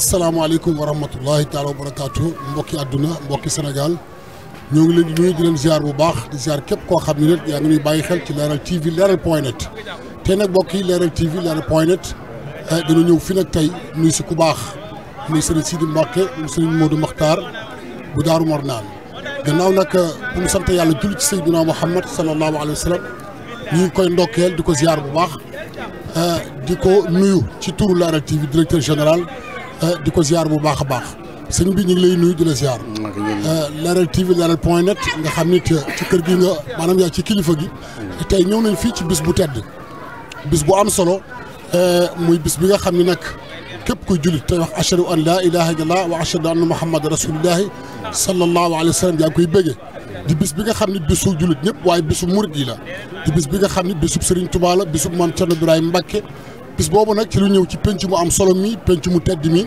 asalaamaaleykum wa rahmatullahi taala wa barakaatu mbokki àdduna mbokki Sénégal ñoo ngi leen di nuyu di leen ziar bu baax di ziar képp koo xam ne nag yaa ngi ñuy bàyyi xel ci leeral TV leeral point net tey nag mbokk yi leeral TV leeral point net eh, dina ñëw fi nag tey nuyu si ku baax muy sëriñ Sidi Mbacke mu sëriñ Modou Makhtar bu Daaru Marnaan gannaaw nag eh, bu mu sant yàlla julli ci Seydina Muhammad sallallahu alayhi wa sallam ñu ngi koy ndokkeel di ko ziar bu baax eh, di ko nuyu ci turu leeral directeur général. Eh, di ko ziar bu baax a baax sëñ bi ñu lay nuyu di la ziar. Eh, Leral TV Leral point net nga xam ni ci kër gi nga maanaam yaa ci kilifa gi. tey ñëw nañ fii ci bis bu tedd bis bu am solo eh, muy bis bi nga xam ni nag képp kuy jullit tey wax ashadu an laa ilaha illallah wa ashadu anna muhammad rasulillahi sallallahu alayhi wa sallam yaa ngi koy bëggee. di bis bi nga xam ne bisu jullit ñëpp waaye bisu murid yi la di bis bi nga xam ne bisub Serigne Touba la bisub maam Thierno Ibrahima bis boobu nag ci lu ñëw ci penc mu am solo mi penc mu tedd mi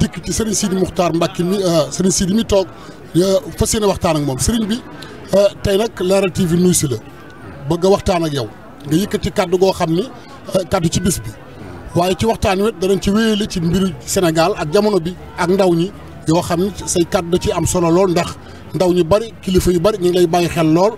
dikk ci Serigne Sidi Muxtaar Mbàkke mi euh, Serigne di mi toog euh, fa yéene waxtaan ak moom Serigne bi euh, tey nag Leral TV nuyu si la bëgg a waxtaan ak yow nga yëkkati kàddu goo xam ni kàddu ci bis bi waaye ci waxtaan wet danañ ci wéyale ci mbiru Sénégal ak jamono bi ak ndaw ñi yoo xam ni say kadd da ci am solo lool ndax ndaw ñi bari kilifa yu bari ñu lay bàyyi xel lool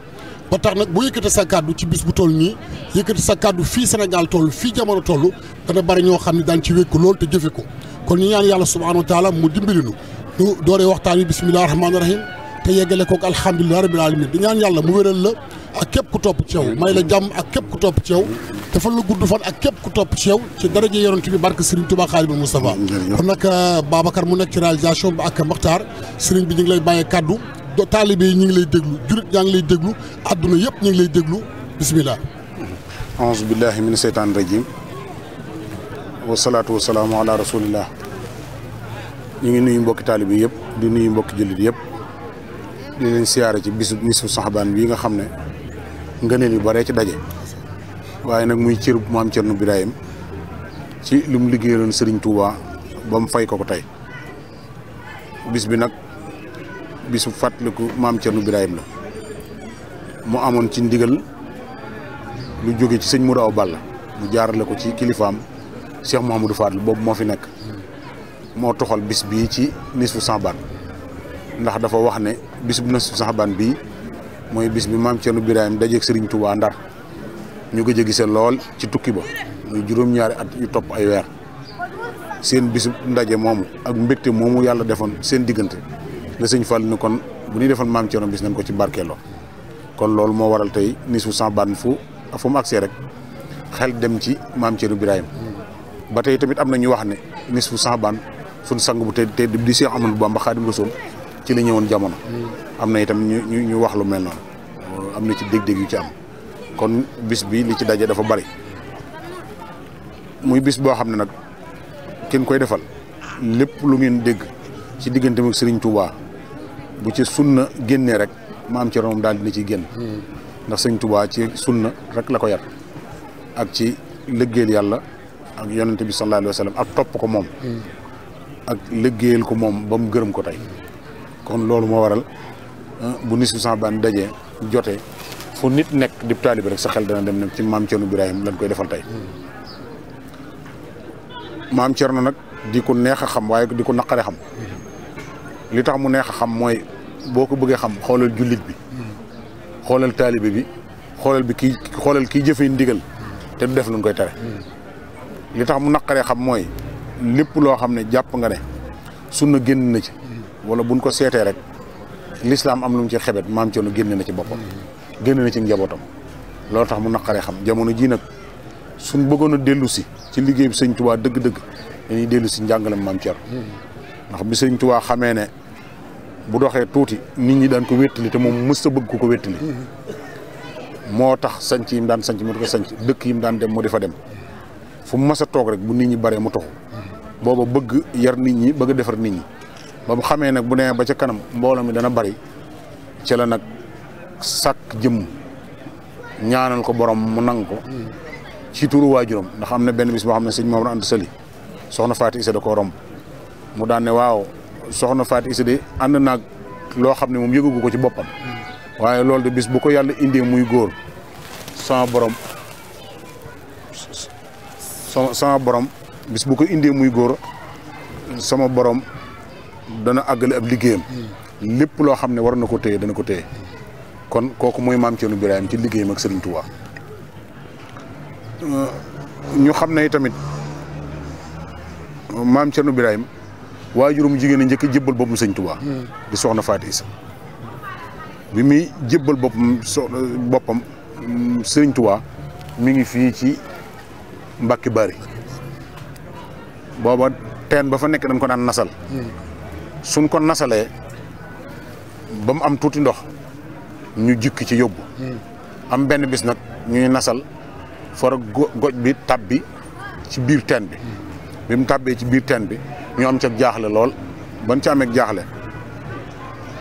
boo tax nag boo yëkkate sa kàddu ci bis bu toll nii yëkkate sa kàddu fii Sénégal toll fii jamono toll dana bari ñoo xam ne daan ci wékku lool te jëfe ko kon ñu ñaan yàlla subhaanahu wa taala mu dimbali nu ñu dooree waxtaan yi bisimilah rahmaani rahim te yeggale kook alhamdulilah rabbil alamin di ñaan yàlla mu wéral la ak képp ku topp ci yow may la jàmm ak képp ku topp ci yow defal la gudd fan ak képp ku topp ci yow ci daraja yonent bi barke Serigne Touba Xaadimu Mustafa kon nag Babacar mu nekk ci réalisation bi ak bi ñu ngi lay bàyyee kàddu taalibe yi ñu ngi lay déglu jurit ñaa ngi lay déglu àdduna yëpp ñu ngi lay déglu bisimilah. aouzu billahi min seytaan rajim wasalaatu wasalaamu ala rasulillah ñu ngi nuyu mbokki taalibe yëpp di nuyu mbokki jullit yëpp di leen siyaare ci bisu bisu saxbaan bii nga xam ne ngëneel yu bare ci daje waaye nag muy cër bu maam Cerno Birahim ci lu mu liggéeyaloon Sëriñ Tuuba ba mu fay ko ko tey bis bi nag bisu fàttaliku maam Cerno Birahim la mu amoon ci ndigal lu jóge ci sëñ Mourao Balla mu jaarale ko ci kilifaam Cheikh Mouhamadou Fadl boobu moo fi nekk moo toxal bis bi ci nisfu Saabaan ndax dafa wax ne bis bu nisfu Saabaan bi mooy bis bi maam Cerno Birahim dajeeg Sëriñ Tuubaa Ndar ñu gëj a gise lool ci tukki ba muy juróom-ñaari at yu topp ay weer seen bisu ndaje moomu ak mbégte moomu yàlla defoon seen diggante la sëñ Fall ni kon bu ñuy defal maam Thierno bis nañ ko ci barkeeloo kon loolu moo waral tey nisu sans bann fu fu mu agsee rek xel dem ci maam Thierno Birahim ba tey tamit am na ñu wax ne nisu sans bann suñ sangu bu te te di Seex Ahmadu Bamba ci la ñëwoon jamono am na itam ñu ñu wax lu mel noonu am na ci dég yu ci am kon bis bi li ci daje dafa bari muy bis boo xam ne nag kenn koy defal lépp lu ngeen dégg ci diggante ak Serigne Touba bu ci sunna génnee rek maam Thierno moom daal dina ci génn. ndax Serigne Touba ci sunna rek la ko yar ak ci lëggéeyal yàlla ak yonent bi sallallahu alayhi wa sallam ak topp ko moom. ak lëggéeyal ko moom ba mu gërëm ko tey. kon loolu moo waral ah, bu nisfu Saabaan dajee jote fu nit nekk di taalibe rek sa xel dana dem ci maam Thierno Birahim lañ koy defal tey. maam Thierno nag di ko neex a xam waaye di ko naqare xam. li tax mu neex xam mooy boo ko bëggee xam xoolal jullit bi xoolal taalibe bi xoolal bi kii xoolal kii jëfee ndigal te du def lu koy tere li tax mu naqaree xam mooy lépp loo xam ne jàpp nga ne sunna génn na ci wala buñ ko seetee rek lislaam am lu mu ci xebet maam Thierno na ci boppam génn na ci njabootam loolu tax mu naqaree xam jamono jii nag suñ bëggoon a dellu si ci liggéey bi sëñ Tuubaa dëgg-dëgg dañuy dellu si njàngalem maam Thierno ndax bi sëñ Tuubaa xamee ne bu doxee tuuti nit ñi daan ko wéttali te moom mës bëgg ku ko wéttali moo tax sañc yi mu daan sanc mu di ko sanc dëkk yi mu daan dem moo di fa dem fu mu mës a toog rek bu nit ñi baree mu toxu booba bëgg yar nit ñi bëgg defar nit ñi ba mu xamee nag bu nee ba ca kanam mbooloo mi dana bari ci la nag sàkk jëmm ñaanal ko borom mu nang ko ci turu waajuram ndax am na benn bis boo xam ne sëñ moom la ànd sëli soxna Faati Isa da koo romb mu daan ne waaw soxna Fatou Issa de ànd naag loo xam ne moom yëgagu ko ci boppam. waaye loolu de bis bu ko yàlla indee muy góor sama borom sama sama borom bis bu ko indee muy góor sama borom dana àggale ab liggéeyam. lépp loo xam ne war na ko téye dana ko téye kon kooku mooy maam Thierno Birahim ci liggéeyam ak Serigne Touba. ñu xam ne tamit maam Thierno Birahim. waajurum jigéen a njëkk jébbal boppam sëñ Touba. di soxna Faati Isa bi muy jébbal boppam so boppam mi ngi fii ci Mbàkke Bari booba teen ba fa nekk dañ ko daan nasal. suñ ko nasalee ba mu am tuuti ndox ñu jukki ci yóbbu. am benn bis nag ñuy nasal foro goj bi tabbi ci biir teen bi. bi mu tàbbee ci biir teen bi. ñu am ceeb jaaxle lool ban ca amee jaaxle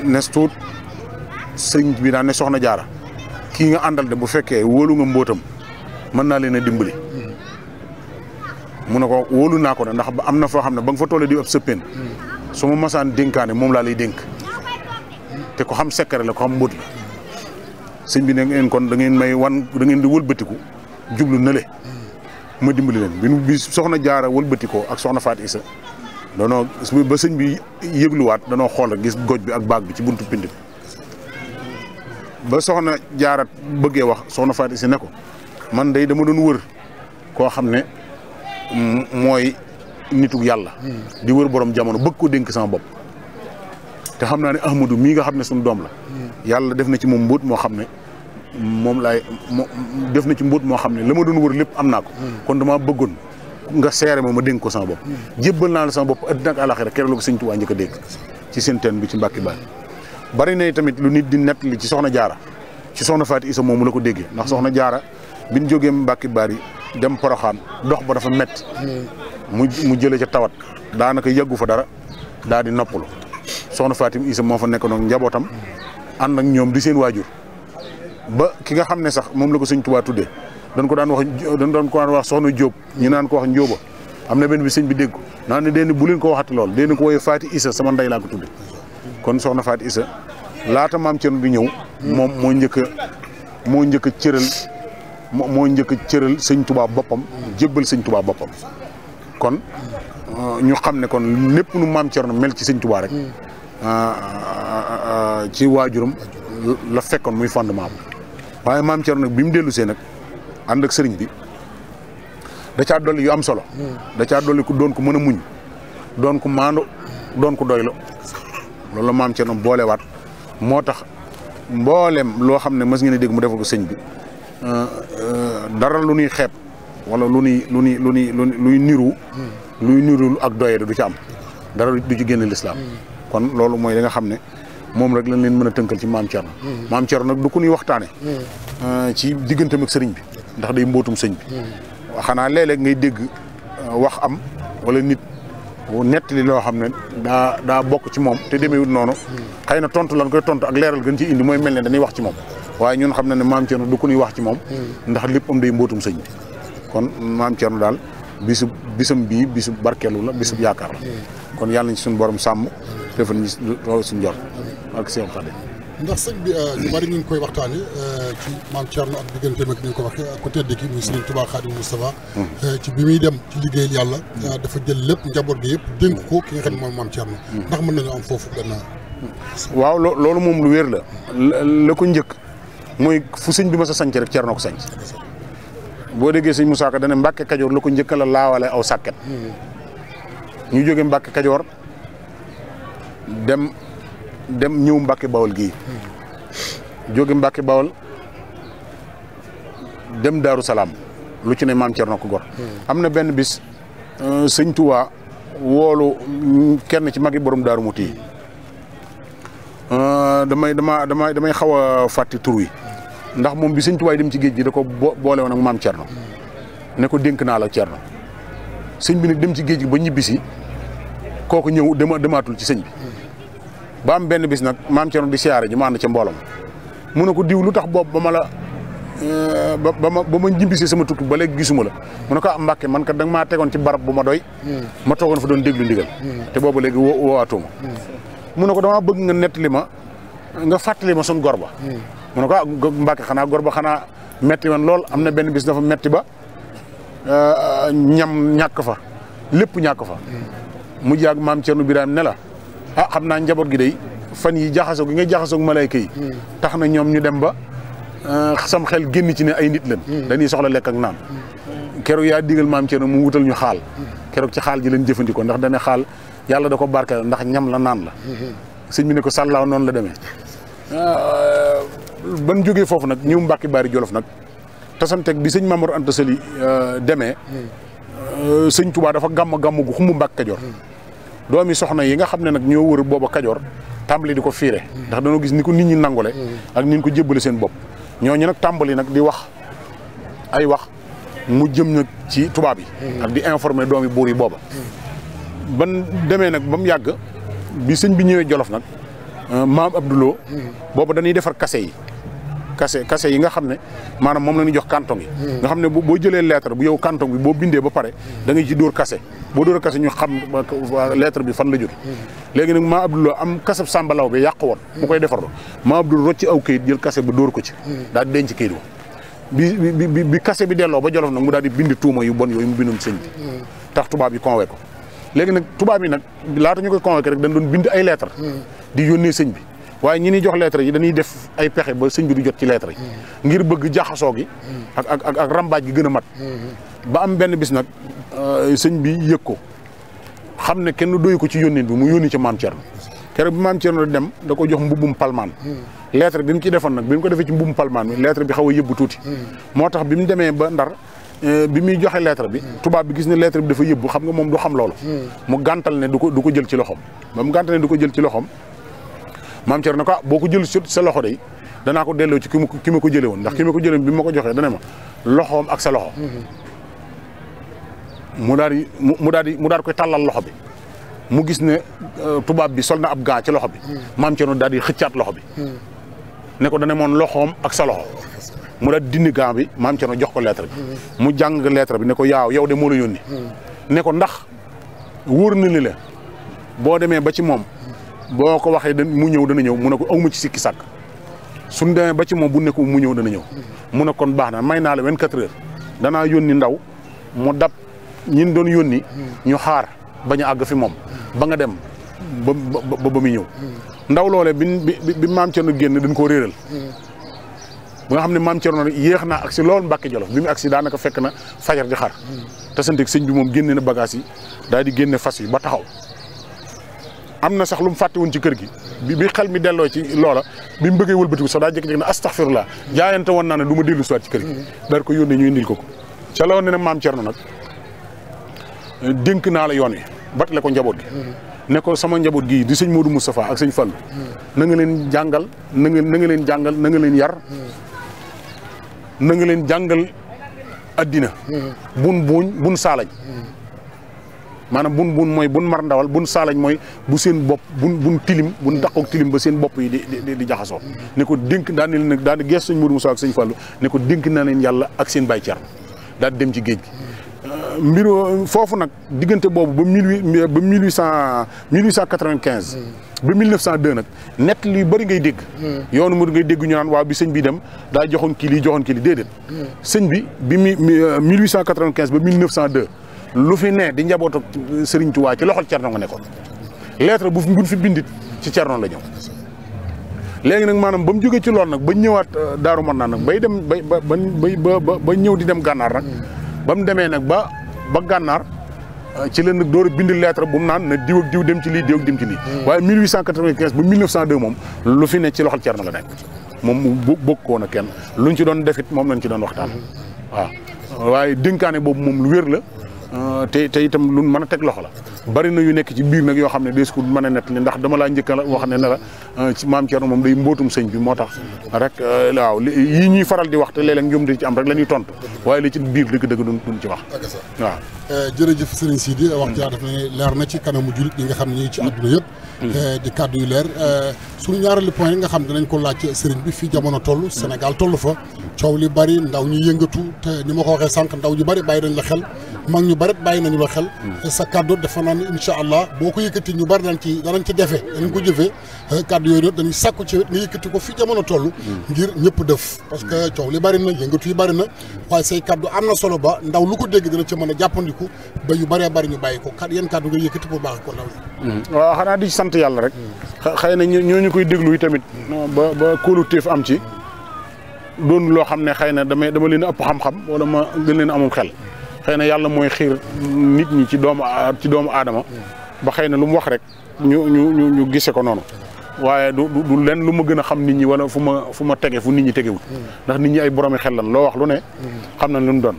nes tuut sëñ bi daan ne soxna jaara kii nga àndal de bu fekkee wolu nga mbóotam mën naa leen a dimbali mu ne ko wóolu naa ko ne ndax am na foo xam ne ba nga fa tole di ab sëppeen su ma masaan dénkaane moom laa lay dénk te ko xam secret le ko xam mbóot la sëñ bi ne ngeen kon da ngeen may wan dangeen ngeen di wëlbatiku jublu nële ma dimbali leen bi soxna jaara wëlbatikoo ak soxna Faat Isa danoo ba sëñ bi yëgluwaat danoo xool gis goj bi ak baag bi ci buntu pind bi ba soxna jaarat bëggee wax soxna Faati si ne ko man dey dama doon wër koo xam ne mooy nituk yàlla hmm. di wër borom jamono bëgg ko dénk sama bopp te xam naa ne ahmadu mii nga xam ne suñu doom la hmm. yàlla def na ci moom mbóot moo xam ne moom laay def na ci mbóot moo xam ne la ma doon wër lépp am naa ko hmm. kon dama bëggoon nga seere moom ma dénk ko sama bopp jébbal naa la sama bopp addina ak àlaxira keroog la ko sëñ Tuubaa njëkk a dégg ci seen teen bi ci Mbàkke Baari bari na tamit lu nit di nettali ci soxna jaara ci soxna Faati Isa moomu la ko déggee ndax soxna jaara biñ jógee Mbàkke Baari dem Poroxaan dox ba dafa metti mu mu jëlee ca tawat daanaka yàggu fa dara daal di noppalu soxna Fatim Isa moo fa nekk noonu njabootam ànd ak ñoom di seen waajur ba ki nga xam ne sax moom la ko sëñ Tuubaa tuddee dañ ko daan wax dañ doon ko daan wax soxna Jóob ñu naan ko wax Njóoba am na benn bi sëñ bi dégg ko naan ne deen bu leen ko waxati lool deen ko woowee Faati Isa sama ndey laa ko tudde kon soxna Faati Isa laata maam Cerno bi ñëw moom moo njëkk moo njëkk a cëral moo njëkk cëral sëñ Tuubaa boppam jëbbal sëñ Tuubaa boppam kon euh, ñu xam ne kon lépp nu maam Cerno mel ci sëñ Tuubaa rek euh, euh, ci waajuram la fekkoon muy fondement bi waaye maam Cerno nag bi mu dellu see nag ànd ak sëriñ bi da caa dolli yu am solo. da caa dolli ku doon ko mën a muñ doon ko maandu doon ko doylu loolu maam Thierno boolewaat moo tax mbooleem loo xam ne mës ngeen a mu defal sëñ bi euh, dara lu nuy xeeb wala lu nuy lu nuy lu nuy luy niru. luy niru ak doyade du ci am dara du ci génn lislaam kon loolu mooy li nga xam ne moom rek lañ leen mën a tënkal ci maam Thierno. Mm-hmm. maam Thierno nag du ku ñuy waxtaane mm-hmm. euh, ci digganteem ak sëriñ bi. ndax day mbootum sëñ bi xanaa léeg-léeg ngay dégg euh, wax am wala nit nettali loo xam ne daa bokk ci moom te demeewut noonu xëy na tontu lan koy tontu ak leeral gën ci indi mooy mel ne dañuy wax ci moom waaye ñun xam na ne maam Thierno du ko wax ci moom ndax lépp mbootum sëñ kon maam Thierno daal bisu bisam bii bisu barkeelu la bisub yaakaar la kon yàlla nañ suñu borom sàmm defal ñu loolu suñu jor ak Seex ndax sëñ bi euh, ñu bari ñu koy waxtaane euh, ci maam Thierno ak digganteem ak ni nga ko waxee ak ko tedd ki muy Serigne Touba Khadim Moustapha euh, ci muy dem ci liggéeyal yàlla dafa jël lépp njaboot bi yëpp dénk ko ki nga xam ne mooy maam Thierno ndax mën nañu am foofu benn waaw loolu moom lu wér la la ko njëkk mooy fu sëñ bi ma sa sanc rek Thierno ko sanc boo déggee sëñ Moussa Ka dana mbakke Kajoor la ko njëkk la laawale aw sàkket ñu jóge Mbàkke Kajoor dem dem ñëw Mbàkke Bawol gii jóge Mbàkke Bawol dem Daaru Salaam lu ci ne maam Cerno ko gor am na benn bis euh, sëñ Tuubaa woolu kenn ci magi borom Daaru Muti yi euh, damay dama damay damay xaw a fàtti tur ndax moom bi sëñ Tuubaa dem ci géej gi da ko boole woon ak maam Cerno ne ko dénk naa la Cerno sëñ bi nag dem ci géej gi ba ñibbisi kooku ñëw dema demaatul ci sëñ bi ba am benn bis nag maam Thierno di siyaare ñu ma ànd ca mbooloom mu ne ko diw lu tax boobu ba ma la ba ma ba ma njimbisee sama tukki ba léegi gisuma la mu ne ko am ah, mbàkke man ka dang nga maa tegoon ci barab bu ma doy hmm. ma toogoon fa doon déglu ndigal hmm. te boobu léegi woo woowaatuma hmm. mun ne ko damaa bëgg nga nettili ma nga fàttali ma suñ gor ba mu ne ko ah mbàkke xanaa gor ba xanaa metti woon lool am na benn bis dafa metti ba euh, ñam ñàkk fa lépp ñàkk fa mu jàgg maam Thierno Birame ne ah xam naa njaboot gi day fan yi jaxasoo gi nga jaxasoo ak malayka yi hmm. tax na ñoom ñu dem ba euh, sam xel génn ci ne ay nit lañ hmm. dañuy soxla lekk ak naan hmm. keroog yaa digal maam Thierno mu wutal ñu xaal keroog ci xaal ji lañ jëfandikoo ndax dana xaal yàlla da ko barkeel ndax ñam la naan la sëñ bi ne ko sàllaaw noonu la demee euh, ban jógee foofu nag ñu Mbàkke Baari Jolof nag tasanteeg bi sëñ Mamoor Anta Sali euh, demee sëñ Tuubaa dafa gàmm gàmm gu xumbu Mbàkke Kajoor doomi soxna yi nga xam ne nag ñoo wër booba kajoor tàmbali di ko fiire ndax dañoo gis ni ko nit ñi nangule ak ni ñu ko jébbale seen bopp ñooñu nag tàmbali nag di wax ay wax mu jëm nag ci tubaab yi ak di informer doomi buur yi booba ban demee nag ba mu yàgg bi sëñ bi ñëwee jolof nag euh, maam Abdouloo mm-hmm. booba dañuy defar kase yi kase kase yi nga xam ne maanaam moom la ñu jox canton yi hmm. nga xam ne boo jëlee lettre bu yow canton bi boo bindee ba pare hmm. da ngay ci dóor kase boo dóor kase ñu xam lettre bi fan la jóge hmm. léegi nag am kasab sàmbalaw bi yàq woon mu koy defar maa abdoul rocci aw kayit jël kase ba dóor ko ci daal denc kayit bi bi bi bi kase bi delloo ba jolof nag mu daal di bind tuuma yu bon yooyu mu bindoon sëñ bi tax tubaab yi convoqué ko léegi nag tubaab yi nag laata ñu koy convoqué rek dañ doon bind ay lettre di yónnee sëñ bi waaye ñi ni jox lettre yi dañuy def ay pexe ba sëñ bi du jot ci lettre yi. Mm-hmm. ngir bëgg jaxasoo gi. Mm-hmm. ak ak ak ak rambaaj gi gën a mat. Mm-hmm. ba am benn bis nag euh, sëñ bi yëg ko xam ne kenn doyu ko ci yónnin bi mu yónni ci maam Thierno keroog bi maam Thierno da ko jox mbubbum palmaan. lettre bi mu ci defoon nag bi mu ko defee ci mbubbum palmaan bi bi xaw a yëbbu tuuti. moo tax bi mu demee ba ndar. Euh, bi muy joxe lettre bi tubaab bi gis ne lettre bi dafa yëbbu xam nga moom du xam loolu mu gàntal ne du ko du ko jël ci loxom ba mu gàntal ne du ko jël ci loxom maam Thierno ko ah, boo ko jël sut sa loxo de danaa ko delloo ci ki ko ki ma ko jëlee woon ndax ki ma ko jëlee bi ma ko joxee dana ma loxoom ak sa loxo. Mhm. mu daal daal di mu daal koy tàllal loxo bi mu gis ne euh, tubaab bi sol na ab gaa ci loxo bi. Mhm. maam Thierno daal di xëccaat loxo bi. Mhm. ne dana moon loxoom ak sa loxo. mu daal dindi gaa bi maam Thierno jox ko lettre bi. mu jàng lettre bi ne ko yaaw yow de moo yoon yónni. ne ko ndax wóor na ni la boo demee ba ci moom. boo ko waxee da mu ñëw dana ñëw mu ne ko awma ci sikki sàkk suñ demee ba ci moom bu ne ko mu ñëw dana ñëw mu ne kon baax na may naa la 24 heures danaa yónni ndaw mu dab ñin doon yónni ñu xaar bañ a àgg fi moom ba nga dem ba ba ba muy ñëw ndaw loole bi bi maam Cerno génn dañ koo réeral ba nga xam ne maam Cerno yéex naa agsi lool Mbàkke Jolof bi mu agsi daanaka fekk na fajar di xar te santeeg sëñ bi moom génne na bagage yi daal di génne fas yi ba taxaw am na sax lu mu fàtte woon ci kër gi bi xel mi delloo ci loola bi mu bëggee wëlbatiku sax daa jeg jékki ne astaxfirullah jaayante woon naa ne du ma dellu siwaat ci kër gi daal ko yónnee ñu indil ko ko ca la woon ne maam Cerno nag dénk naa la yoon wi batale ko njaboot gi ne sama njaboot gii di sëñ Modou Moustapha ak sëñ Fallu na nga leen jàngal na nga leen jàngal na nga leen yar na nga leen jàngal addina hmm. bun buuñ bun saalañ hmm. maanaam bun bun mooy bun mar ndawal bun saalañ mooy bu seen bopp bun bun tilim bun daqoog tilim ba seen bopp yi di di jaxasoo ne ko dénk daan ne leen daan gees sëñ Modou Moussa ak sëñ Fallou ko dénk naa leen yàlla ak seen bay Thierno daal dem ci géej gi euh, mbir foofu nag diggante boobu ba mille ba mille huit cent mille huit cent quatre-vingt-quinze hmm. ba mille neuf cent deux nag nett luy bëri ngay dégg hmm. yoonu mu ngay dégg ñu naan waaw bi sëñ bi dem daa joxoon kii lii joxoon kii lii déedéet hmm. sëñ bi bi euh, mille huit cent quatre-vingt-quinze ba mille neuf cent lu fi ne di njabootu Serigne Touba ci loxol Cerno nga nekkoon lettre bu buñ fi bindit ci Cerno la ñëw léegi nag maanaam ba mu jógee ci lool nag ba ñëwaat euh, Daaru Marnaan nag bay dem bay ba ba ba ñëw di dem gànnaar nag ba mu demee nag ba ba gànnaar euh, ci leen nag door a bind bu mu naan na diw ak diw dem ci lii diw ak dem ci lii. Hmm. waaye 1895 ba 1902 moom lu fi ne ci loxol Cerno la nekk moom mu bokkoon a kenn luñ ci doon defit moom lañ ci doon waxtaan hmm. waa waaye dinkaane boobu moom lu wér la. te te itam lu mën a teg loxo la bari na yu nekk ci biir nag yoo xam ne des ko mën a nettali ndax dama laa njëkk a wax ne ne la euh, ci maam Thierno moom day mbootum sëñ bi moo tax rek euh, waaw yii ñuy faral di wax te léeg ñoom dañ ci am rek la ñuy tontu waaye li ci biir dëgg-dëgg duñ duñ ci wax waaw euh, jërëjëf sëriñ Sidi wax jaa def ne leer na ci kanamu jullit mm. yi nga xam ne ñi ci àdduna yëpp di kàddu yu leer suñu ñaareelu point nga xam dinañ ko laaj sëriñ bi fii jamono toll Sénégal toll fa coow li bari ndaw ñu yëngatu te ni ma ko waxee sànq ndaw ñu bari bàyyi nañ la xel mag ñu bari bàyyi nañu la xel mm. xam ne incha allah boo ko yëkkati ñu bari nañ ci danañ ci defee danañ ko jëfee eh, kàddu yooyu doon dañuy sàkku ci wet nga yëkkati ko fi jamono toll ngir ñëpp def parce que coow li bari na yëngatu yi bari na waaye say kàddu am na solo ba ndaw lu ko dégg dana ci mën a jàppandiku ba yu bëree bari ñu bàyyi ko kat yéen kàddu nga yëkkati bu baax ko ndaw yi hmm. waaw xanaa di sant yàlla rek xëy na ñooñu koy déglu yi tamit ba ba kóoluteef am ci doon loo xam ne xëy na dama dama leen ëpp xam-xam wala ma gën leen amum xel xëy na yàlla mooy xiir nit ñi ci doomu ci doomu aadama ba xëy na lu mu wax rek ñu ñu gise ko noonu waaye du leen lenn lu ma gën a xam nit ñi wala fu ma fu ma tege fu nit ñi tegewul ndax nit ñi ay boromi xel lan loo wax lu ne xam nañ lu doon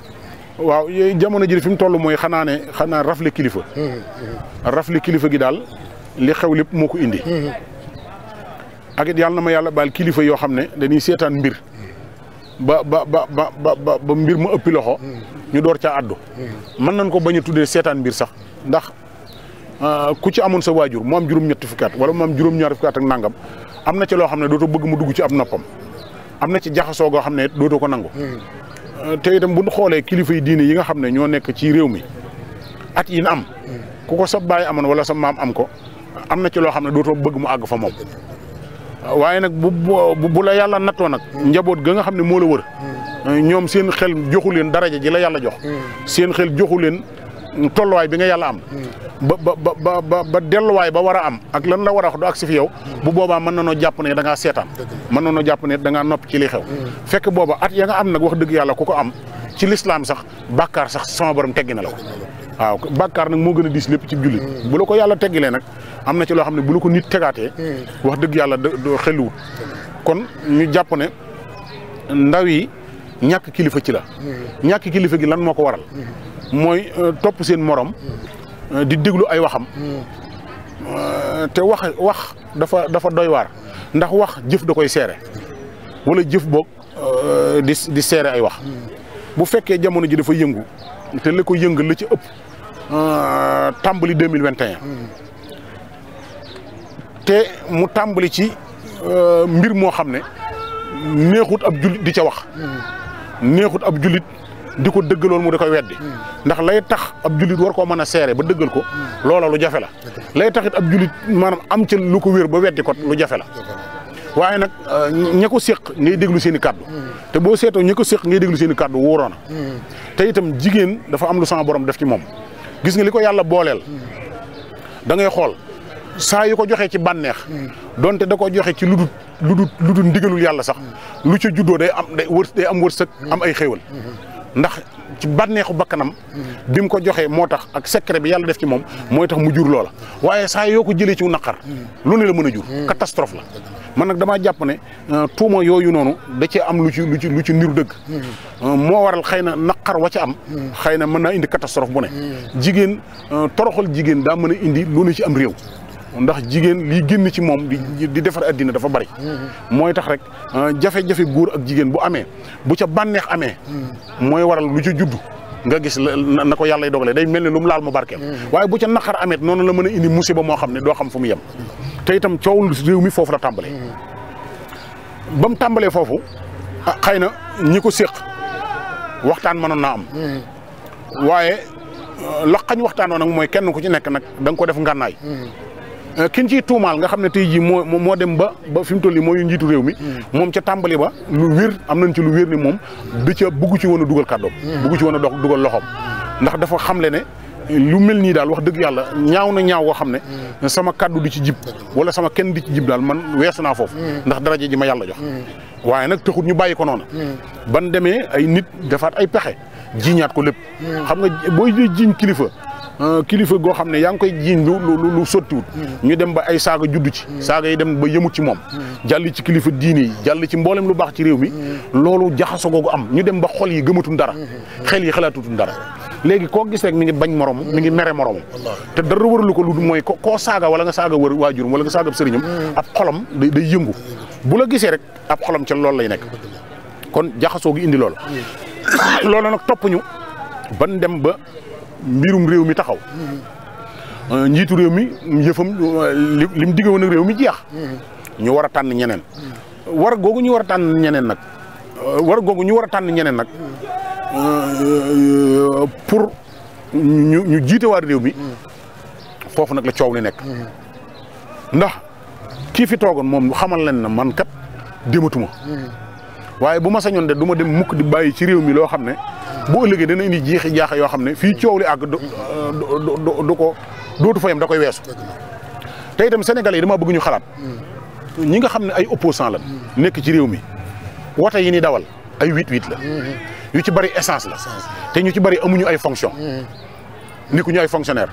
waaw yooyu jamono ji fi mu toll mooy xanaa ne xanaa rafle kilifa rafle kilifa gi daal li xew lépp moo ko indi ak it yàlla ma yàlla baal kilifa yoo xam ne dañuy seetaan mbir ba ba ba ba ba ba mbir mu ëppi loxo. Hmm. ñu door caa addo hmm. mën nañ ko bañ a tuddee seetaan mbir sax ndax euh, ku ci amoon sa waajur mu am juróom-ñetti fukki wala mu am juróom-ñaari ak nangam am na ci loo xam ne dootoo bëgg mu dugg ci ab noppam am na ci jaxasoo goo xam ne dootoo ko nangu. Hmm. Euh, te bu ñu xoolee kilifa yi diine yi nga xam ne ñoo nekk ci réew mi at yi am. ku ko sa baay amoon wala sa maam am ko am na ci loo xam ne dootoo bëgg mu àgg fa moom. waaye nag bu bu la yàlla nattoo nag hmm. njaboot ga nga xam ne moo la wër hmm. ñoom seen xel joxu leen daraja jila la yàlla jox hmm. seen xel joxu leen tolluwaay bi nga yàlla am ba ba delluwaay ba war a am ak lan la war a wax du ak si fi yow bu boobaa mën na noo jàpp ne da ngaa seetaan mën na noo jàpp ne da ngaa nopp ci li xew fekk booba at ya nga am nag wax dëgg yàlla ku ko am ci lislaam sax bàkkaar sax sama borom teggi na la ko waaw bàkkaar nag moo gën a diis lépp ci jullit mm. bu la ko yàlla teggilee nag am na ci loo xam ne bu la ko nit tegaatee mm. wax dëgg yàlla doo xeluwut kon ñu jàpp ne ndaw yi ñàkk kilifa ci la mm. ñàkk kilifa gi lan moo ko waral mooy euh, topp seen morom euh, di déglu ay waxam euh, te wax wax dafa dafa doy waar ndax wax jëf da koy seere wala jëf boog di di seere ay wax bu fekkee jamono ji dafa yëngu te la ko yëngal la ci ëpp Euh, tàmbali deux mille vingt et un te mu tàmbali ci euh, mbir moo xam ne neexut ab jullit di ca wax. neexut ab jullit di ko dëggaloon mu di koy weddi. ndax lay tax ab jullit war ko mën a seere ba dëggal ko. loola lu jafe la. lay taxit ab jullit maanaam am ca lu ko wér ba weddi ko lu jafe la. waaye nag euh, ña ko séq ngay déglu seen i kàddu. te boo seetoo ña ko séq ngay déglu seen i kàddu wóoroona te itam jigéen dafa am lu sama borom def ci moom. gis nga li ko yàlla booleel hmm. da ngay xool saa yu ko joxee ci bànneex hmm. donte da ko joxe ci lu dul lu dul lu ndigalul yàlla sax hmm. lu ci juddoo day am day wër day am wërsëg am ay xéewal ndax ci bànneexu bakkanam bi mu ko joxee moo tax ak secret bi yàlla def ci moom mooy tax mu jur loola waaye saa yoo ko jëlee ci naqar lu ne la mën a jur catastrophe la man nag damaa jàpp ne euh, tuuma yooyu noonu da cee am lu ci lu ci lu niru dëgg euh, moo waral xëy na naqar wa ca am xëy na mën naa indi catastrophe bu ne mm. jigéen euh, toroxal jigéen daa mën a indi lu ne ci am réew ndax jigéen liy génn ci moom di di defar addina dafa bari. Mm-hmm. mooy tax rek euh, jafe-jafe góor ak jigéen bu amee bu ca bànneex amee. Mm-hmm. mooy waral lu ca judd. nga gis na ko yàlla dogalee day mel ne lu mu laal mu barkeel. Mm-hmm. waaye bu ca naqar amet noonu la mën a indi musiba moo xam ne doo xam fu mu yem. te itam coowul réew mi foofu la tàmbalee. ba mu tàmbalee foofu ah, xëy na ñi ko séq waxtaan mënoon naa am. waaye euh, la xañ waxtaanoo nag mooy kenn ku ci nekk nag da nga ko def ngànnaay. Euh, kin ciy tuumaal nga xam ne tey jii moo moo dem ba ba fi mu toll mooy njiitu réew mi. Hmm. moom ca tàmbali ba lu wér am nañ ci lu wér ni moom da ca bugg ci woon a dugal kàddoom. Hmm. bugg ci woon a dox dugal loxoom. Hmm. ndax dafa xamle ne lu mel nii daal wax dëgg yàlla ñaaw na ñaaw goo xam ne. sama kàddu di ci jib. wala sama kenn di ci jib daal man weesu naa foofu. ndax daraja ji ma yàlla jox. waaye nag taxut ñu bàyyi ko noonu. ban demee ay nit defaat ay pexe jiñaat ko lépp. xam nga boo jiñ kilifa. Euh, kilifa goo xam ne yaa ngi koy jiiñ lu lu lu sottiwut hmm. ñu dem ba ay saaga juddu ci hmm. saaga yi dem ba yëmut ci moom hmm. jàll ci kilifa diine yi jàll ci mboolem lu baax ci réew mi loolu jaxaso googu am ñu dem ba xol yi gëmatuñ dara xel yi xalaatutun dara léegi koo gis rek mi ngi bañ moroom mi ngi mere morom te dara waralu ko lu mooy koo saaga wala nga saaga wër waajurum wala nga saaga sëriñam ab xolam day yëngu bu la gisee rek ab xolom ca loolu lay nekk kon jaxasoo gi indi loolu loolu nag topp ba mbirum réew mi taxaw mm-hmm. euh, njiitu réew mi yëfam li mu digge woon réew mi jeex mm-hmm. ñu war a tànn ñeneen mm-hmm. war googu ñu war a tànn ñeneen nag euh, war googu ñu war a tànn ñeneen nag euh, pour ñu ñu jiite waar réew mi foofu nag la coow li nekk ndax kii fi toogoon moom xamal leen na man kat dématuma waaye bu ma sañoon de duma dem mukk di bàyyi ci réew mi loo xam ne bu ëllëgee dana indi jeexi jaaxa yoo xam ne fii coow li àgg du ko dootu fa yem da koy weesu te itam sénégal yi dama bëgg ñu xalaat ñi nga xam ne ay opposant la nekk ci réew mi wote yi ni dawal ay huit huit la yu ci bari essence la te ñu ci bari amuñu ay fonction ñu ay fonctionnaire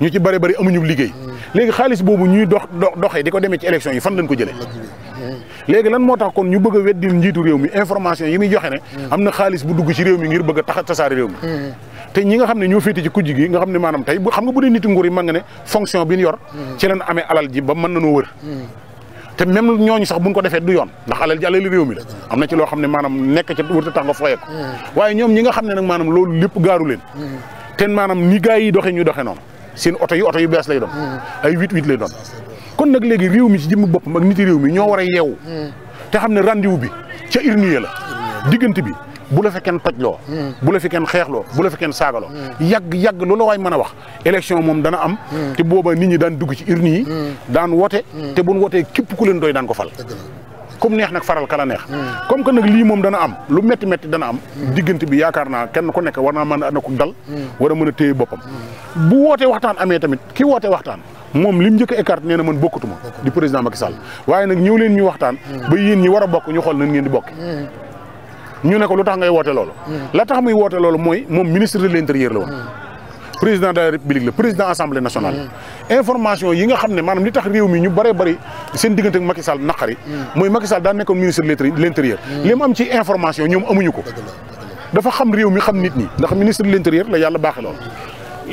ñu ci bari bari amuñu liggéey léegi xaalis boobu ñuy dox doxee di ko demee ci élection yi fan lañ ko jëlee léegi lan moo tax kon ñu bëgg a weddil njiitu réew mi information yi muy joxe ne hmm. am na xaalis bu dugg ci réew mi ngir bëgg a tax réew mi hmm. te ñi nga xam ne ñoo féete ci kujj gi nga xam ne maanaam tey xam nga bu dee nit nguur yi mën nga ne fonction bi ñu yor hmm. ci lañ amee alal ji ba mën nañoo wër te même ñooñu sax buñ ko defee du yoon ndax alal ji alal réew mi la am na ci loo xam ne maanaam nekk ca wërta tax nga foyee waaye ñoom ñi nga xam ne nag maanaam loolu lépp gaaru leen ten maanaam ni gaa yi doxee ñu doxee noonu seen oto yi oto yu bees lay doon ay huit huit lay doon kon nag léegi réew mi ci jëmmi boppam ak niti réew mi ñoo war a yeewu te xam ne rendez bi ca urnie la diggante bi bu la fi kenn tojloo bu la fi kenn xeexloo bu la fi kenn saagaloo yàgg yàgg loolu waay mën a wax élection moom dana am te booba nit ñi daan dugg ci urne yi mm. daan wote mm. te buñ wotee képp ku leen doy daan ko fal comme neex nag faral kala neex comme que nag lii moom dana am lu métti métti dana am diggante bi yaakaar na kenn ku nekk war naa mën a na ko dal war a mën a téye boppam bu wootee waxtaan amee tamit ki wootee waxtaan moom li njëkk a écarté nee na man di président Macky Sall waaye nag ñëw leen ñu waxtaan ba yéen ñi war a bokk ñu xool nan ngeen di bokki hmm. ñu ne ko lu tax ngay wootee loolu hmm. la tax muy wootee loolu mooy moom ministre de l'intérieur la woon hmm. président de la république la président assemblée nationale information yi nga xam ne maanaam li tax réew mi ñu bëree bëri seen diggante ak Macky Sall naqari mooy Macky Sall daan nekkoon ministre de l'intérieur mm. li mu am xam réew mi xam nit ñi ndax ministre de l'intérieur la yàlla baaxe lool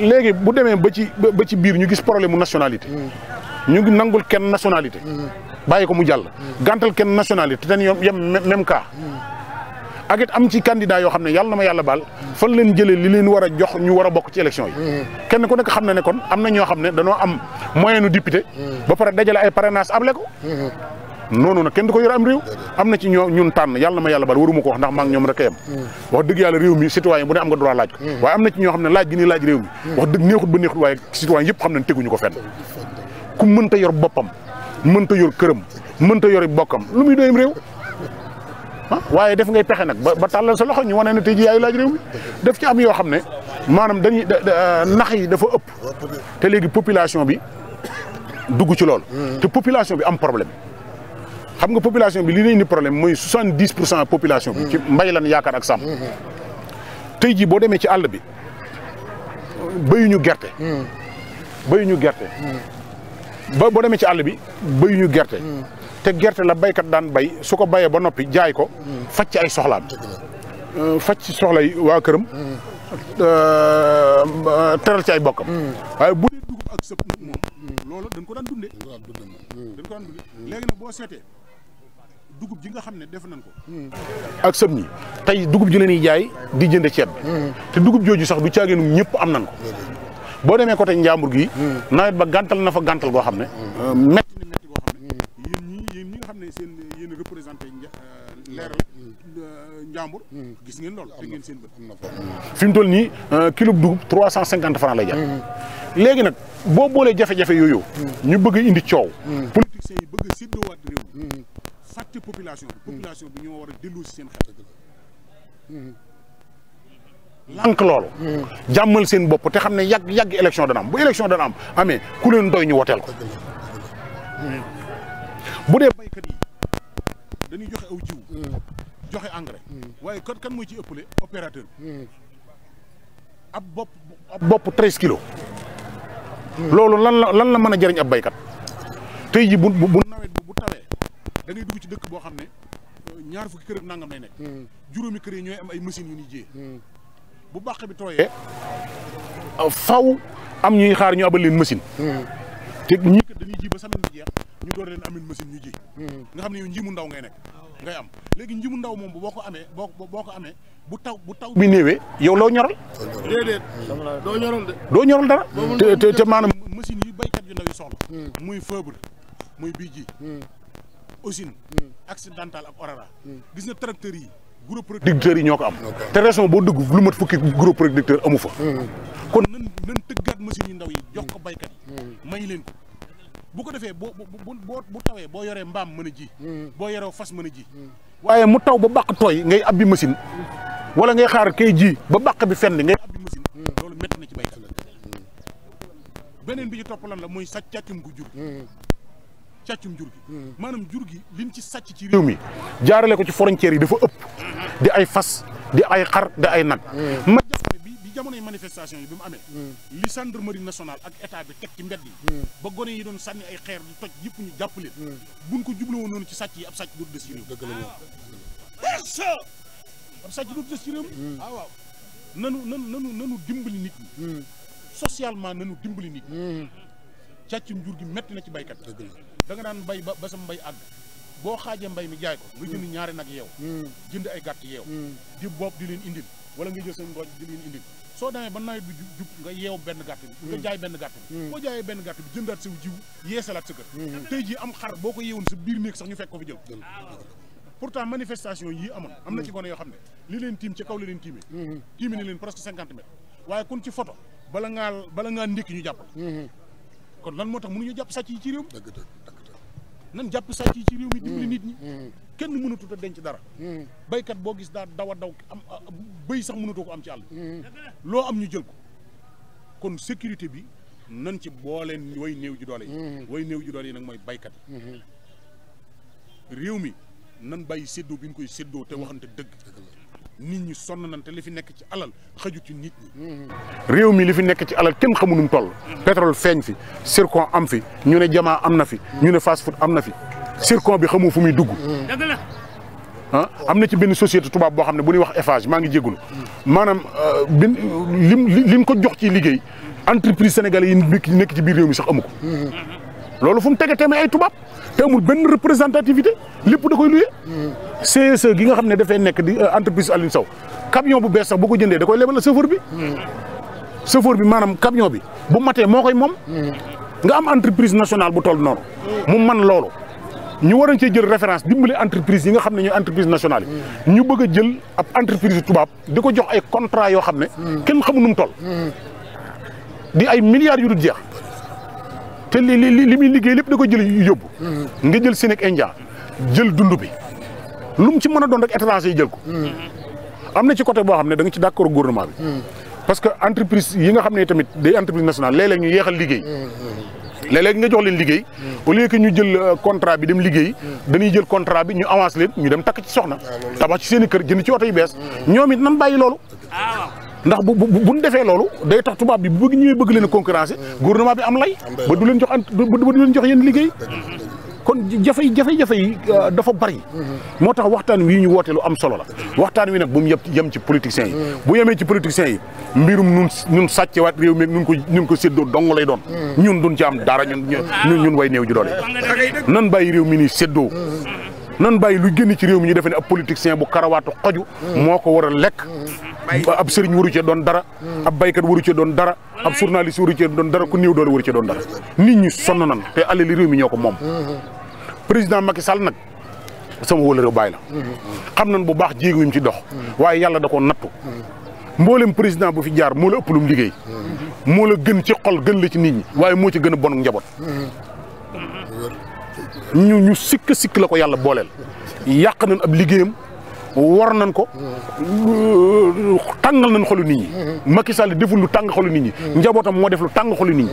léegi bu demee ba ci ba ci biir ñu gis problème mu nationalité mm. ñu ngi nangul kenn nationalité mm. bàyyi ko mu jàll gàntal kenn nationalité te yem même cas ak it am ci candidat yoo xam ne yal na ma yàlla baal fan leen jëlee li leen war a jox ñu war a bokk ci élection yi. Mm-hmm. kenn ku nekk xam na ne kon am na ñoo xam ne danoo am moyen nu député. Mm-hmm. ba pare dajale ay parrainage able ko. Mm-hmm. noonu nag kenn du ko yor am réew am na ci ñoo ñun tànn yàlla ma yàlla baal waruma ko wax ndax a yem wax dëgg yàlla réew mi citoyen bu ne am nga ñoo xam ne laaj gi ni laaj réew mi wax dëgg neexut ba neexut waaye citoyen yëpp xam nañ teguñu ko fenn ku mënta yor boppam mënta yor këram mënta yori bokkam lu muy doyam réew Ah? waaye def ngay pexe nag ba tàllal sa loxo ñu wane na tey ji yaay laaj réew mi def ci am yoo xam ne maanaam dañuy euh, nax yi dafa ëpp te léegi population bi dugg ci loolu hmm. te population bi am problème xam nga population bi li lay ni problème mooy soixante dix pour cent population bi hmm. ci mbay lan yaakaar ak sàmm hmm. tey ji boo demee ci àll bi béyuñu gerte béyuñu gerte ba boo demee ci àll bi béyuñu gerte te gerte la baykat daan bay su ko bayee ba noppi jaay ko faj ci ay soxlaam euh, faj ci soxla waa këram euh, teral ci ay bokkam waaye bu dee dugub ak sëb nag moom ko daan dundee dañ hmm. boo seetee dugub ji nga xam ne def nañ ko hmm. ak sëb tey dugub ji la ñuy jaay di jënd ceeb hmm. te dugub jooju sax du caagéenu ñëpp am nañ ko boo demee côté Njàmbur gi nawet ba gàntal na fa gàntal goo xam ne euh, seen seen yéen représenté euh, leeral mm. euh, njàmbur mm. gis ngeen loolu te ngeen seen bët fi mu toll nii euh, kilo dugub trois cent cinquante francs lay jar mm. léegi nag boo boolee jafe-jafe yooyu ñu bëgg indi coow politiciens yi bëgg a séddoowaat réew fàtte population bi population bi ñoo war a dellu si seen xel lànk loolu jàmmal seen bopp te xam ne yàgg yàgg élection dana am bu élection dana am amee ku leen doy ñu woteel ko baykat joxe aw jiw. Mm. joxe engrais. Mm. waaye kon kan moo ci ëppale opérateur bi. Mm. ab bopp ab bopp treize kilos. loolu lan la lan la mën a jëriñ ab baykat. tey ji bu bu nawet bu tawee da ngay dugg ci dëkk boo xam ne ñaar fukki kër ak nangam lay nekk. juróomi kër yi ñooy am ay machines yu ñuy jiyee. bu bàq bi tooyee. Eh, faw am ñuy xaar ñu abal leen machine. te ñii kat dañuy ji ba semaine bi jeex. ñu door leen amin machine ñu ji hmm. nga xam ne yow nji mu ndaw ngay nekk ngay am léegi nji mu ndaw moom boo ko amee boo boo ko amee bu taw bu taw bi néewee yow loo ñoral déedéet doo ñoral doo ñoral dara te te te machine yi béykat yu ndaw yi soxla hmm. muy feuble muy bii ji hmm. usine accidental ak orara gis na tracteur yi gros producteurs yi ñoo ko am te raison boo dugg lu mat fukki gros producteur amu fa kon nan nan tëggaat machine yu ndaw yi yokk ko béykat yi may leen bu ko defee boo boo bu tawee boo yoree mbaam mën a ji. Hmm. boo yoree fas mën a ji. Hmm. waaye mu taw ba bàq tooy ngay abbi machine. wala ngay xaar kay ji ba bàq bi fenn ngay abbi machine. Hmm. loolu métti na ci béykat beneen bi ci topp lan la mooy sàcc càccum gu jur gi. càccum jur gi. maanaam jur gi liñ ci sàcc ci réew mi jaarale ko ci frontières yi dafa ëpp. di ay fas di ay xar di ay nag. jamonoy manifestation yi bi mu amee hmm. li gendarmerie nationale ak état bi teg ci mbedd yi hmm. ba gone yi doon sànni ay xeer di toj yépp ñu jàpp leen hmm. buñ ko jubluwoon noonu ci sàcc yi ab sàcc dootu des ci réew ab sàcc dootu des ci réew ah nanu nanu nanu nanu dimbali nit ñi socialement nanu dimbali nit ñi càccum jur gi metti na ci baykat da nga daan bay ba ba sa mbay àgg boo xaajee mbay mi jaay ko nga jënd ñaari nag yeew jënd ay gàtt yeew di bopp di leen indil wala nga jël seen ngooj di leen indil soo demee ba nawet bi jub nga yeew benn gàtt bi nga mm. jaay benn gàtt bi mm. boo jaayee benn gàtt bi jëndaat sa jiw yeesalaat sa kër mm. tey jii am xar boo ko yeewoon sa biir néeg sax ñu fekk ko fi jël pourtant manifestation yii amoon am na ci gone yoo xam ne li leen tiim ci kaw la leen tiimee mm-hmm. tiime ni leen presque cinquante mètres waaye kun ci photo bala ngaa bala ngaa ndékk ñu jàpp mm-hmm. kon lan moo tax mu ñu jàpp sàcc yi ci réew mi nan jàpp sàcc yi ci réew mi dimbali nit kenn mënatut a denc dara. Hmm. béykat boo gis daa dawa a daw am béy sax mënatoo ko am ci àll. Hmm. loo am ñu jël ko kon sécurité bi nan ci boole way néew ji doole yi. Hmm. way néew ji doole yi nag mooy baykat réew mi nan bàyyi séddoo bi ñu koy séddoo te waxante dëgg. nit ñi sonn nañ te li fi nekk ci alal xaju ci nit ñi. réew mi li fi nekk ci alal kenn xamu nu mu toll. pétrole feeñ fi zircon am fi ñu ne jamaa am na fi. ñu ne fast food am na fi. circon bi xamoo fu muy dugg. ah am na ci benn société tubaab boo xam ne bu ñuy wax Eiffage maa ngi jégalu maanaam euh, bin lim lim ko jox ci liggéey entreprise sénégalais yi nekk ci biir réew mi sax amu ko. loolu fu mu tege teemee ay tubaab te amul benn représentativité lépp da koy luye. CSE gi nga xam ne dafay nekk di euh, entreprise Alioune Sow camion bu bees sax bu ko jëndee da koy lebal chauffeur bi. chauffeur bi maanaam camion bi bu matee moo koy moom. Hmm. nga am entreprise nationale bu toll noonu. mu man loolu. ñu waroon cee jël référence dimbali entreprise yi nga xam ne ñooy entreprise nationale ñu bëgg a jël ab entreprise tubaab di ko jox ay contrat yoo xam ne kenn xamu nu mu di ay milliards yu dul jeex te li li li muy liggéey lépp da ko jël yóbbu nga jël Sénégal India jël dund bi lu mu ci mën a doon rek étranger yi jël ko am na ci côté boo xam ne danga ci d'accord gouvernement bi hmm. parce que entreprise yi nga xam ne tamit de entreprise nationale léeg-léeg ñu yeexal liggéey hmm. léeg nga jox leen liggéey hmm. au lieu que ñu jël euh, contrat bi dem liggéey hmm. dañuy jël contrat bi ñu avance leen ñu dem takk ci soxna ah, tabax ci seen i kër jënd ci oto yu bees hmm. ñoom it nan bàyyi loolu ah. ndax bu bu bu ñu defee loolu day tax tubaab bi bu bëgg ñëwee bëgg leen a concurrencer gouvernement bi am lay ba du leen jox ba du leen jox yéen liggéey kon jafe jafe-jafe yi euh, dafa bari mhm. moo tax waxtaan wi ñu woote lu am solo la waxtaan wi nag bu mu yëpp yem ci politiciens yi mhm. bu yemee ci politiciens yi mbirum nun ñun sàccewaat réew mi nun ko nun ko séddoo dong lay doon mhm. ñun duñ ci am dara ñun ñun way new ju doole nan bàyyi réew mi ni séddoo nan bàyyi lu génn ci réew mi ñu defee ne ab politicien bu karawaatu xoju mm. moo ko war a lekk mm. ab sëriñ waru ci mm. doon dara ab baykat waru ci doon dara ab journaliste waru ci doon dara ku néew doole waru ci doon dara nit ñi sonn nan te alali réew mi ñoo ko moom mm-hmm. président Macky Sall nag sama wóolëre bàyyi la mm-hmm. xam nañ bu baax jéego yim ci dox mm-hmm. waaye yàlla da koo nattu mboolem président bu fi jaar moo la ëpp lu mu liggéey moo la gën ci xol gën la ci nit ñi waaye moo ci gën a bon njaboot ñu ñu sikk sikk la ko yàlla booleel yàq nañ ab liggéeyam war nañ ko tàngal nañ xolu nit ñi. Macky Sall deful lu tàng xolu nit ñi. njabootam moo def lu tàng xolu nit ñi.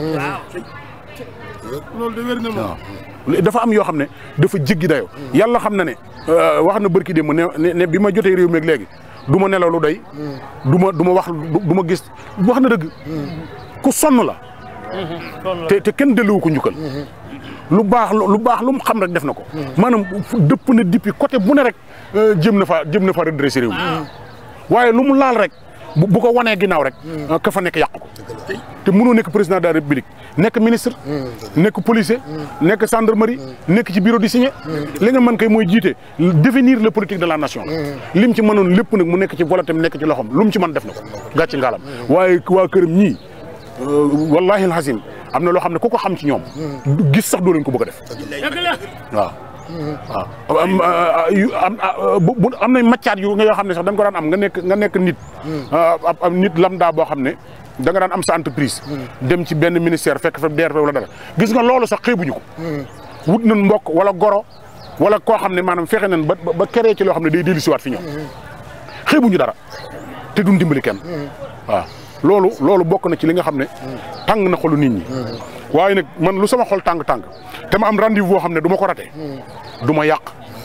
loolu de wér na dafa am yoo xam ne dafa jéggi yàlla xam na ne euh, wax na barki démb ne ne bi ma jotee réew mi ak léegi du ma nelaw lu doy. duma du ma wax du ma gis wax na dëgg. Mm. ku sonn la. Mm-hmm. te kenn delluwu ko njukkal. Mm-hmm. lu baax lu baax lu mu xam rek def na ko. maanaam dëpp na depuis côté bu ne rek euh, jëm na fa jëm na fa redressé réew waaye lu mu laal rek bu ko wanee ginnaaw rek. Hmm. ka fa nekk yàq ko. te mënoo nekk président de la république nekk ministre. Hmm, nekk policier. Hmm. nekk gendarmerie. nekk ci bureau di signé. li man mën kay mooy jiite définir le politique de la nation. lim ci mënoon lépp nag mu nekk ci volatam nekk ci loxom lu mu ci man def na ko gàcce ngaalam waaye waa këram ñii euh, wallaahi alhasim am na loo xam ne ku ko xam ci ñoom. gis sax doo ko bëgg def. waaw. waaw am bu am nañ maccaat yu nga yoo xam ne sax da ko daan am nga nekk nga nekk nit. Hmm. Ah, ab nit lambda boo xam ne danga daan am sa entreprise. Hmm. dem ci benn ministère fekk fa DRP wala dara gis nga loolu sax xeebuñu ko. Hmm. wut nañ mbokk wala goro wala koo xam ne maanaam fexe nañ ba ba créé ci loo xam ne day dellusiwaat fi ñoom. xeebuñu dara te du dimbali kenn waaw. loolu loolu bokk na ci li nga xam ne tàng na xolu nit ñi waaye nag man lu sama xol tàng-tàng te ma am rendez boo xam ne du ma ko rate du ma yàq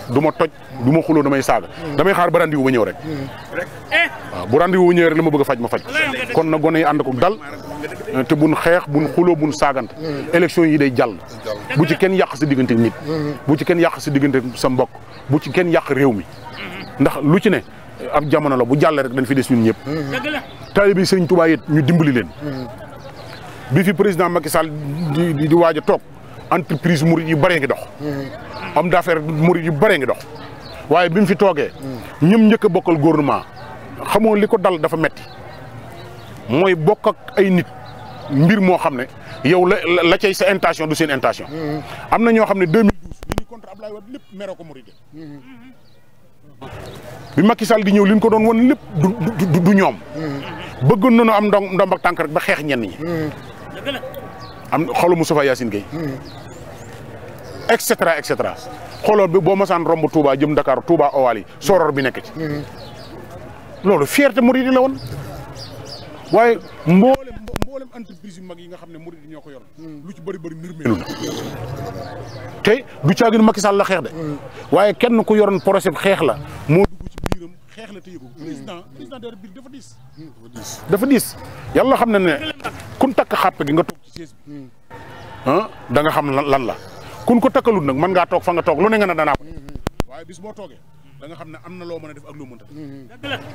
du ma toj du ma da may saaga damay xaar ba rendez-vous ba ñëw rek bu rendez-vous ba ñëw rek li ma bëgg a faj ma faj kon na gone yi ànd ko dal te buñ xeex buñ xuloo buñ saagante élection yi day jàll bu ci kenn yàq si diggante nit bu ci kenn yàq si diggante sa mbokk bu ci kenn yàq réew mi ndax lu ci ne ab jamono la bu jàll rek dañ fi des ñun ñëpp taalibe Sëriñ Tuubaa it ñu dimbali leen. bi fi président Macky Sall di di waaj a toog entreprise murit yu baree ngi dox. am d'affaires murit yi baree ngi dox. waaye bi mu fi toogee. ñoom njëkk a bokkal gouvernement xamoo li ko dal dafa metti mooy bokk ak ay nit mbir moo xam ne yow la la cay sa intention du seen intention. Mm-hmm. am na ñoo xam ne 2012 bi ñu lépp meroo ko murit bi Macky Sall di ñëw li ñu ko doon won lépp du du ñoom. bëggoon nañu am ndom ak tànk rek ba xeex ñenn ñi. am xoolu Moustapha Yacine Gueye. et cetera et cetera xooloo bi boo masaan romb Touba jëm Dakar Touba Owaali soror bi nekk ci. loolu fierté murid la woon waaye mboo entreprise yu mag yi nga xam ne murid ñoo ko yor hmm. lu ci bëri bëri nërmeelu hmm. te du caagin Macky Sall la xeex de hmm. waaye kenn ku yoroon projet xeex la moo dugg ci biiram xeex la te yëgu président président de biir dafa diis dafa diis yàlla xam ne ne kun takk xàppe gi nga toog ci siège bi ah da nga xam lan la kun ko takkalul nag mën ngaa toog fa nga toog lu ne nga ne danaa ko waaye bis boo toogee da nga am na loo mën a def ak loo mënta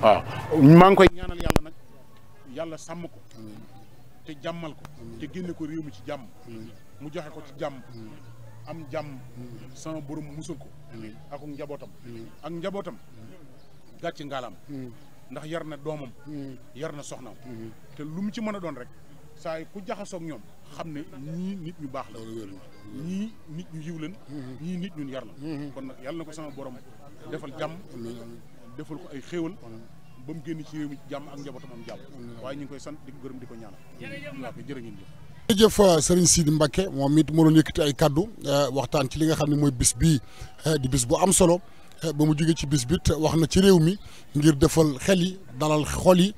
waaw ah, maa ngi koy ñaanal yàlla yàlla sàmm ko te jàmmal ko te génne ko réew mi ci jàmm mu jaxe ko ci jàmm am jàmm sama borom musul ko ak njabootam ak njabootam ci ngaalaam ndax yar na doomam yar na soxnaam te lu mu ci mën a doon rek saa yi ku jaxasoog ñoom xam ne ñii nit ñu baax la ñii nit ñu yiw leen ñii nit ñun yar la kon nag yàlla ko sama borom defal jàmm defal ko ay xéewal ba mu génn ci réew mi jàmm ak njabootam am jàmm waaye ñu ngi koy sant di ko gërëm di ko ñaanal jërëjëf euh, Serigne Sidi Mbacke moom it moo doon yëkkati ay kaddu euh, waxtaan ci li nga xam ne mooy bis bii euh, di bis bu am solo ba mu jógee ci bis bit wax na ci réew mi ngir defal xel yi dalal xol yi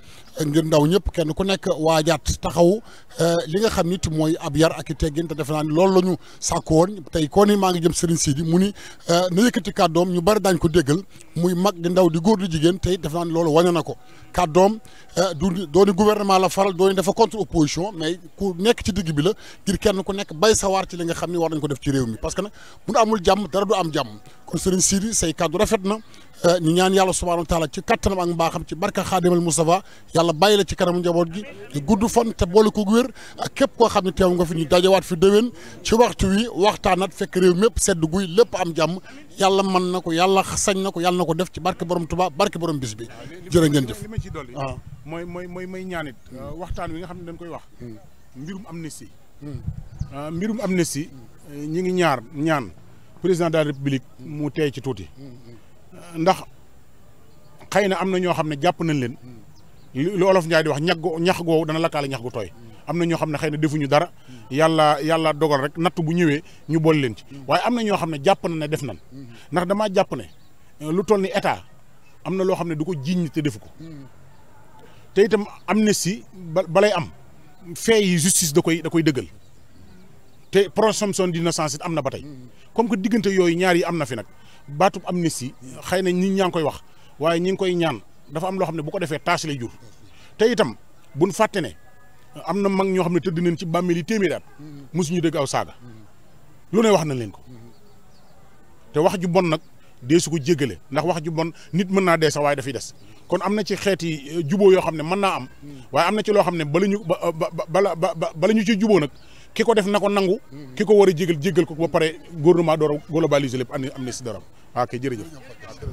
ngir ndaw ñëpp kenn ku nekk waajaat taxaw eh, li nga xam nit mooy ab yar ak i teggin te defe naa ni loolu la ñu sàkku woon tey koo ni maa ngi jëm Serigne Sidi mu ni eh, na yëkkati kàddoom ñu bari daañ ko déggal muy mag di ndaw di góor di jigéen tey def naa ni loolu wane na ko kàddoom eh, du dooni gouvernement la faral dooni defa contre opposition mais ku nekk ci digg bi la ngir kenn ku nekk bay sawaar ci li nga xam ni war nañ ko def ci réew mi parce que nag bu amul jàmm dara du am jàmm kon Serigne Sidi say kàddu rafet na Eh, ñu ñaan yàlla subhaanahu wa taala ci kattanam ak mbaaxam ci barka xaadimal Mustafa yàlla bàyyi la ci kanamu njaboot gi gudd fan te boole ko wér ak képp koo xam ne teew nga fi ñu waat fi déwén ci waxtu wi waxtaanat fekk réew mépp sedd guy lépp am jàmm yàlla man na ko yàlla sañ na ko yàlla na ko def ci barke borom Tuubaa barke borom bis bi jërë ngeen jëf waaw ah. mooy mooy mooy mooy ñaanit hmm. eh, waxtaan wi nga xam ne dañ koy wax hmm. mbirum amnistie hmm. eh, mbirum amnistie ñi ngi ñaar ñaan président de la république mu tey ci tuuti ndax xëy na am na ñoo xam ne jàpp nañ leen lu olof Njaay di wax ñag ñax goow dana lakkaale ñax gu tooy am na ñoo xam ne xëy na defuñu dara yàlla yàlla dogal rek natt bu ñëwee ñu bool leen ci waaye am na ñoo xam ne jàpp na ne def nan ndax damaa jàpp ne euh, lu toll ni état am na loo xam ne du ko jiiñ te defu ko te itam amnistie ba balay am fee yi justice da koy da koy dëggal te présomption d'innocence am na ba tey comme que diggante yooyu ñaar yi am na fi nag baatub amnistie xëy na ñi ñaa ngi koy wax waaye ñi ngi koy ñaan dafa am loo xam ne bu ko defee tâche lay jur te itam buñ fàtte ne am na mag ñoo xam ne tëdd nañ ci bàmmeel yi téeméeri at mosuñu dégg aw saaga lu wax na leen ko te wax ju bon nag dee su ko jéggale ndax wax ju bon nit mën naa dee sax waaye dafi des kon am na ci xeeti euh, juboo yoo xam ne mën naa am waaye am na ci loo xam ne bala ñu ba bala bala ñu ci juboo nag ki ko def na ko nangu ki ko war a jégal jégal ko ba pare gouvernement door a globaliser lépp am na si dara ok jërëjëf